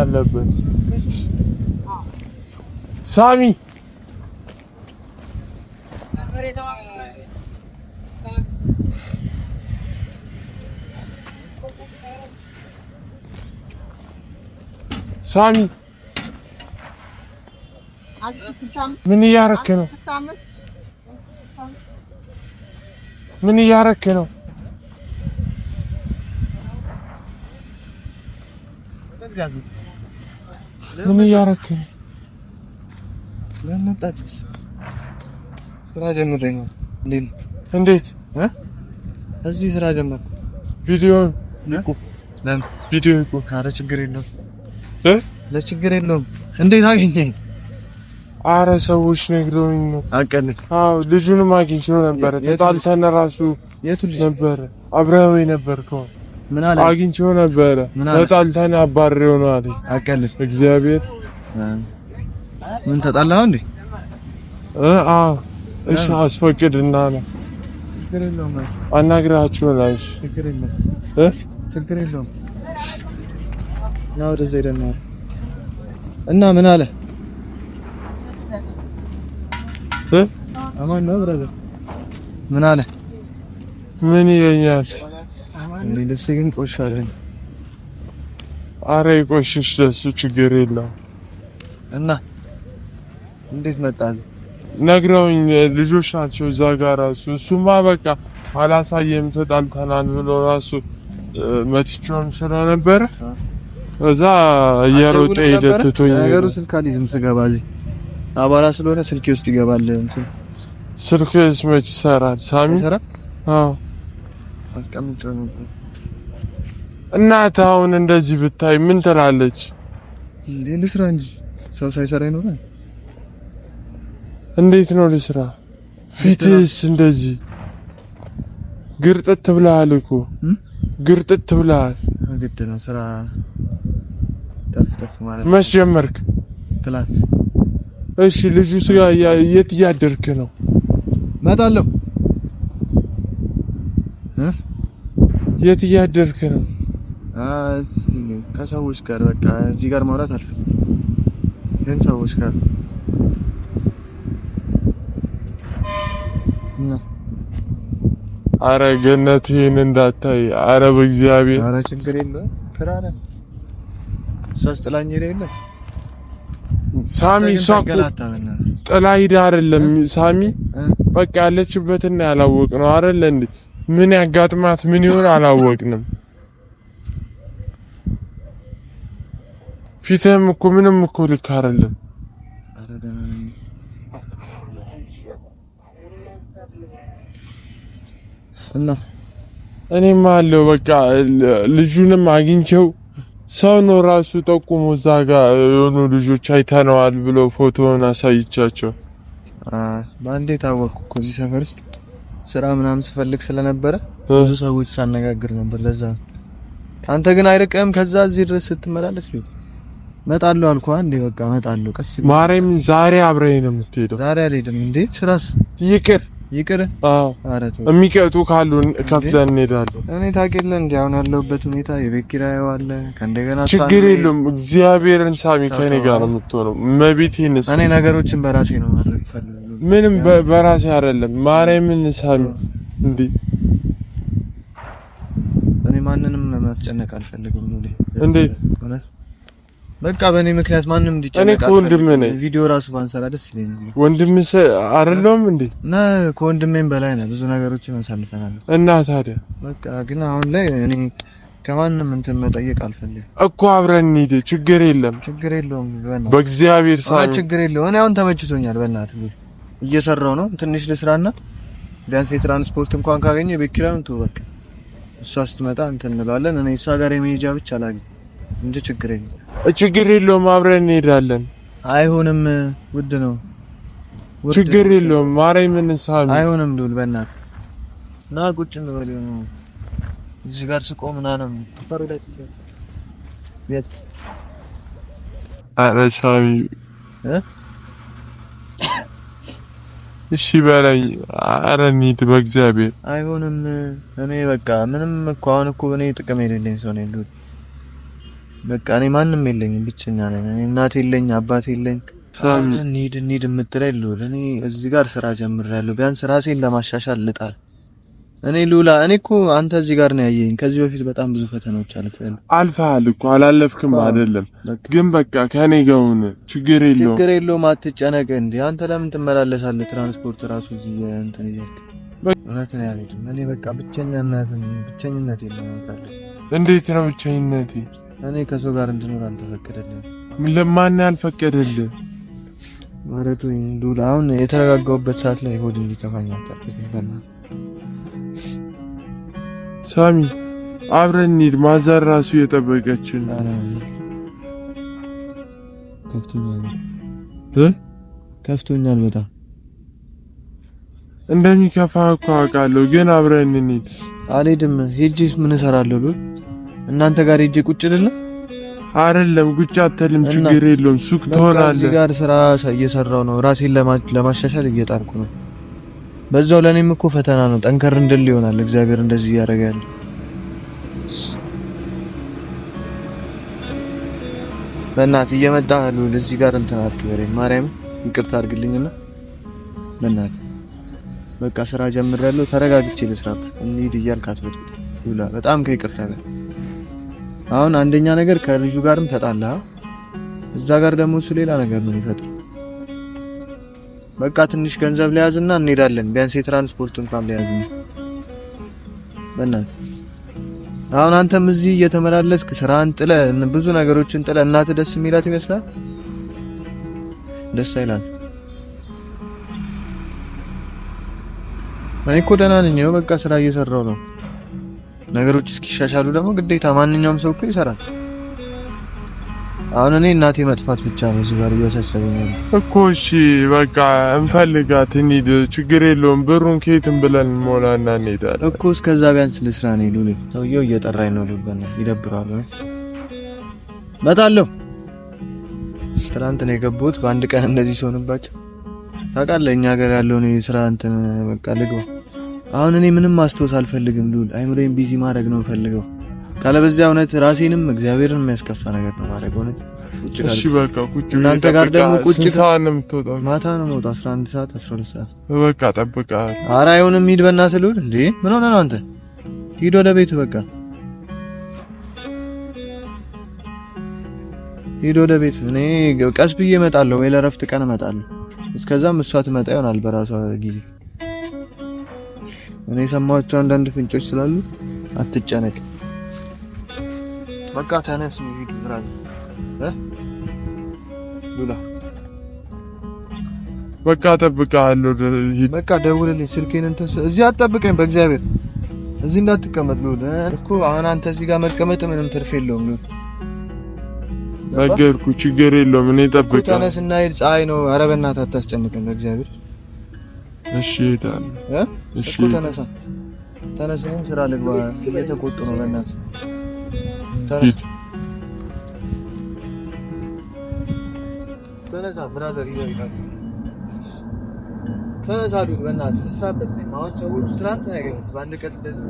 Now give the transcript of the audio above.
አለበት። ሳሚ ሳሚ ምን እያረክ ነው? ምን እያረክ ነው? ምን እያረክ ለምን መጣችስ? ስራ ጀምሬ ነው። እንዴት እዚህ ስራ ጀመርኩ። ቪዲዮ ለምን ቪዲዮ ኧረ ችግር የለውም እ ለችግር የለውም። እንዴት አገኘኝ? አረ ሰዎች ነግረውኝ ነው። አቀንት አዎ፣ ልጁንም አግኝቼው ነበረ። ተጣልተን እራሱ የቱ ልጅ ነበረ አብረኸው የነበርከው ምን አለ? አግኝቼው ነበረ ተጣልተን አባሬው ነው አለ። አቀልል እግዚአብሔር ምን ተጣላው እንዴ? አአ እሺ አስፈቅድና ነው አናግራችሁ ነው እሺ ችግር የለም እ ችግር የለውም ነው ወደዛ ሄደን እና ምን አለ እ አማን ነው ብራዘር ምን አለ ምን ይለኛል ልብሴ ግን ቆሻለኝ። አረ ይቆሽሽ፣ ለሱ ችግር የለው። እና እንዴት መጣል ነግረውኝ ልጆች ናቸው እዛ ጋር ራሱ እሱማ በቃ አላሳየም ተጣልተናል ብሎ ራሱ መትቼውም ስለነበረ እዛ እየሮጠ ሄደ ትቶኝ። ነገሩ ስልክ አልይዝም ስገባ እዚህ አቧራ ስለሆነ ስልኬ ውስጥ ይገባል። ስልክስ መች ይሰራል ሳሚ? አዎ አስቀምጬው ነበር። እናት አሁን እንደዚህ ብታይ ምን ትላለች? እንዴ ልስራ እንጂ ሰው ሳይሰራ ይኖራል። እንዴት ነው ልስራ? ፊትስ እንደዚህ ግርጥት ብለሃል እኮ ግርጥት ብለሃል። ግድ ነው ስራ ተፍ ተፍ ማለት መች ጀመርክ? ትላት እሺ፣ ልጁ ስጋ የት እያደርክ ነው? እመጣለሁ የት እያደርክ ነው? ከሰዎች ጋር በቃ እዚህ ጋር ማውራት አልፈልግም። ይህን ሰዎች ጋር አረ ገነት ይህን እንዳታይ። አረ በእግዚአብሔር። አረ ችግር የለውም ስራ ነው። እሷስ ጥላኝ ሄደ የለም ሳሚ። ጥላ ሂዳ አይደለም ሳሚ። በቃ ያለችበትና ያላወቅ ነው አይደለ እንዴ ምን ያጋጥማት ምን ይሆን አላወቅንም። ፊትህም እኮ ምንም እኮ ልክ አይደለም። እና እኔም አለው በቃ ልጁንም አግኝቸው ሰው ነው ራሱ ጠቁሞ እዛ የሆኑ ልጆች አይተነዋል ብሎ ፎቶውን አሳይቻቸው በአንዴ ታወቅኩ እዚህ ሰፈር ውስጥ ስራ ምናምን ስፈልግ ስለነበረ ብዙ ሰዎች ሳነጋግር ነበር። ለዛ አንተ ግን አይርቅም። ከዛ እዚህ ድረስ ስትመላለስ ቤት መጣሉ አልኩህ። አንዴ በቃ መጣሉ ቀስ ማርያም፣ ዛሬ አብረን ነው የምትሄደው? ዛሬ አልሄድም። እንዴ ስራስ ይቅር ይቅር። አዎ፣ ኧረ ተው። የሚቀጡ ካሉ ከፍለን እንሄዳለን። እኔ ታውቂያለህ፣ እንደ አሁን ያለሁበት ሁኔታ የቤት ኪራዩ አለ። ከእንደገና ችግር የለውም። እግዚአብሔርን ሳሚ፣ ከኔ ጋር ነው የምትሆነው። መቤቴን እኔ ነገሮችን በራሴ ነው ማድረግ ፈልግ ምንም በራሴ አይደለም። ማርያምን ሳሚ እንዴ እኔ ማንንም ማስጨነቅ አልፈልግም። እንዴ እንዴ በቃ በእኔ ምክንያት ማንም እንዲጨነቅ እኔ ነኝ። ቪዲዮ ራሱ ባንሰራ ደስ ይለኛል። ወንድምህ አይደለሁም እንዴ? እና ከወንድሜም በላይ ነህ። ብዙ ነገሮችን አሳልፈናል። እና ታዲያ በቃ ግን አሁን ላይ እኔ ከማንም እንትን መጠየቅ አልፈልግም እኮ። አብረን እንሂድ፣ ችግር የለም። ችግር የለውም። በእግዚአብሔር ሳሚ ችግር የለውም። እኔ አሁን ተመችቶኛል። በእናትህ እየሰራው ነው። ትንሽ ልስራና ቢያንስ የትራንስፖርት እንኳን ካገኘ ቤት ኪራዩን ተው በቃ እሷ ስትመጣ እንትን እንለዋለን። እኔ እሷ ጋር የመሄጃ ብቻ አላገኝ እንጂ ችግር የለም፣ ችግር የለውም። አብረን እንሄዳለን። አይሆንም፣ ውድ ነው። ችግር የለውም። ማረኝ፣ ምን ሳብ አይሆንም። ዱል በእናት ና ቁጭ እንበል። ነው እዚህ ጋር ስቆ ምናምን አረ ሳሚ እ እሺ በላይ አረ እንሂድ፣ በእግዚአብሔር አይሆንም። እኔ በቃ ምንም እኮ አሁን እኮ እኔ ጥቅም የሌለኝ ሰው ነኝ። ልሁን በቃ እኔ ማንም የለኝም፣ ብቸኛ ነኝ። እኔ እናት የለኝ፣ አባት የለኝ። እንሂድ እንሂድ የምትለኝ ልሁን እኔ እዚህ ጋር ስራ ጀምሬያለሁ። ቢያንስ ራሴን ለማሻሻል ልጣል እኔ ሉላ እኔ እኮ አንተ እዚህ ጋር ነው ያየኝ። ከዚህ በፊት በጣም ብዙ ፈተናዎች አልፈን አልፈሃል እኮ አላለፍክም አይደለም ግን በቃ ከኔ ጋር ችግር የለው ችግር የለውም አትጨነቅ። እንዴ አንተ ለምን ትመላለሳለህ? ትራንስፖርት ራሱ እዚህ እንትን ይላል። እውነት ነው ያለኝ። እኔ በቃ ብቸኝነት ብቸኝነት የለም። እንዴት ነው ብቸኝነቴ? እኔ ከሰው ጋር እንድኖር አልተፈቀደልኝ። ለማን ያልፈቀደልህ ማለት ወይ ሉላ? አሁን የተረጋጋሁበት ሰዓት ላይ ሆድ እንዲከፋኝ አታርግ በእናትህ ሳሚ አብረን እንሂድ። ማዘር ራሱ የጠበቀችን ከፍቶኛል እ ከፍቶኛል በጣም እንደሚከፋ እኮ አውቃለሁ፣ ግን አብረን እንሂድ። አልሄድም። ሄጄ ምን እሰራለሁ? እናንተ ጋር ሄጄ ቁጭ ልልም አይደለም፣ ቁጭ አትልም። ችግር የለውም። ሱቅ ትሆናለህ። እዚህ ጋር ስራ እየሰራሁ ነው። ራሴን ለማሻሻል እየጣርኩ ነው። በዛው ለእኔም እኮ ፈተና ነው። ጠንከር እንድል ይሆናል እግዚአብሔር እንደዚህ እያደረገ ያለ። በእናትህ እየመጣህ ልውል እዚህ ጋር እንትን አትበሬ። ማርያም ይቅርታ አድርግልኝና በእናትህ በቃ ስራ ጀምሬያለሁ። ተረጋግቼ ልስራበት እንሂድ እያልካት ሉላ፣ በጣም ከይቅርታ ጋር አሁን አንደኛ ነገር ከልጁ ጋርም ተጣላ፣ እዛ ጋር ደግሞ እሱ ሌላ ነገር ነው የሚፈጥረው በቃ ትንሽ ገንዘብ ለያዝና እንሄዳለን። ቢያንስ የትራንስፖርት እንኳን ለያዝ ነው። በእናት አሁን አንተም እዚህ እየተመላለስክ ስራን ጥለ ብዙ ነገሮችን ጥለ እናት ደስ የሚላት ይመስላል? ደስ አይላል። እኔ እኮ ደህና ነኝ። በቃ ስራ እየሰራው ነው። ነገሮች እስኪሻሻሉ ደግሞ ግዴታ ማንኛውም ሰው እኮ ይሰራል። አሁን እኔ እናቴ መጥፋት ብቻ ነው እዚህ ጋር እያሳሰበኝ ያለው እኮ። እሺ በቃ እንፈልጋት እንሂድ፣ ችግር የለውም ብሩን ከየትም ብለን ሞላና እንሄዳለን እኮ። እስከዛ ቢያንስ ልስራ ነው ይሉ። ሰውየው እየጠራኝ ነው። ልበነ ይደብራሉ። መጣለሁ። ትናንት ነው የገቡት። በአንድ ቀን እንደዚህ ሲሆንባቸው ታውቃለህ። እኛ ሀገር ያለውን የስራ እንትን በቃ ልግባ። አሁን እኔ ምንም ማስታወስ አልፈልግም ሉል። አይምሮዬን ቢዚ ማድረግ ነው ፈልገው ካለበዚያ እውነት ራሴንም እግዚአብሔርን የሚያስከፋ ነገር ነው ማድረግ። እውነት እናንተ ጋር ደግሞ ቁጭ ማታ ነው የምወጣው፣ 11 ሰዓት 12 ሰዓት። በቃ ጠብቃ። ኧረ አይሆንም፣ ሂድ በእናትህ ልውል። እንዴ ምን ሆነህ ነው አንተ? ሂድ ወደ ቤት፣ በቃ ሂድ ወደ ቤት። እኔ ቀስ ብዬ እመጣለሁ፣ ወይ ለእረፍት ቀን እመጣለሁ። እስከዛም እሷ ትመጣ ይሆናል በራሷ ጊዜ። እኔ የሰማኋቸው አንዳንድ ፍንጮች ስላሉ አትጨነቅ። በቃ ተነስ ሂድ። ሉላ በቃ እጠብቅሃለሁ። ሂድ በቃ ደውልልኝ ስልኬን እንትን እዚህ አትጠብቀኝ፣ በእግዚአብሔር እዚህ እንዳትቀመጥ። ሉል እኮ አሁን አንተ እዚህ ጋር መቀመጥ ምንም ትርፍ የለውም። ሉል ችግር የለውም። እኔ እጠብቅህ። ተነስ እና ሂድ፣ ፀሐይ ነው። ኧረ በእናትህ አታስጨንቀኝ፣ በእግዚአብሔር እሺ። እሄዳለሁ። እሺ፣ ተነሳ፣ ተነስ። እኔም ስራ ልግባ፣ እየተቆጡ ነው በእናትህ ተነሳ ብራዘር፣ ይዘጋል። ተነሳ ዱግ፣ በእናትህ ልስራበት። አሁን ሰዎቹ ትናንትና ያገኙት በአንድ ቀን እንደዚህ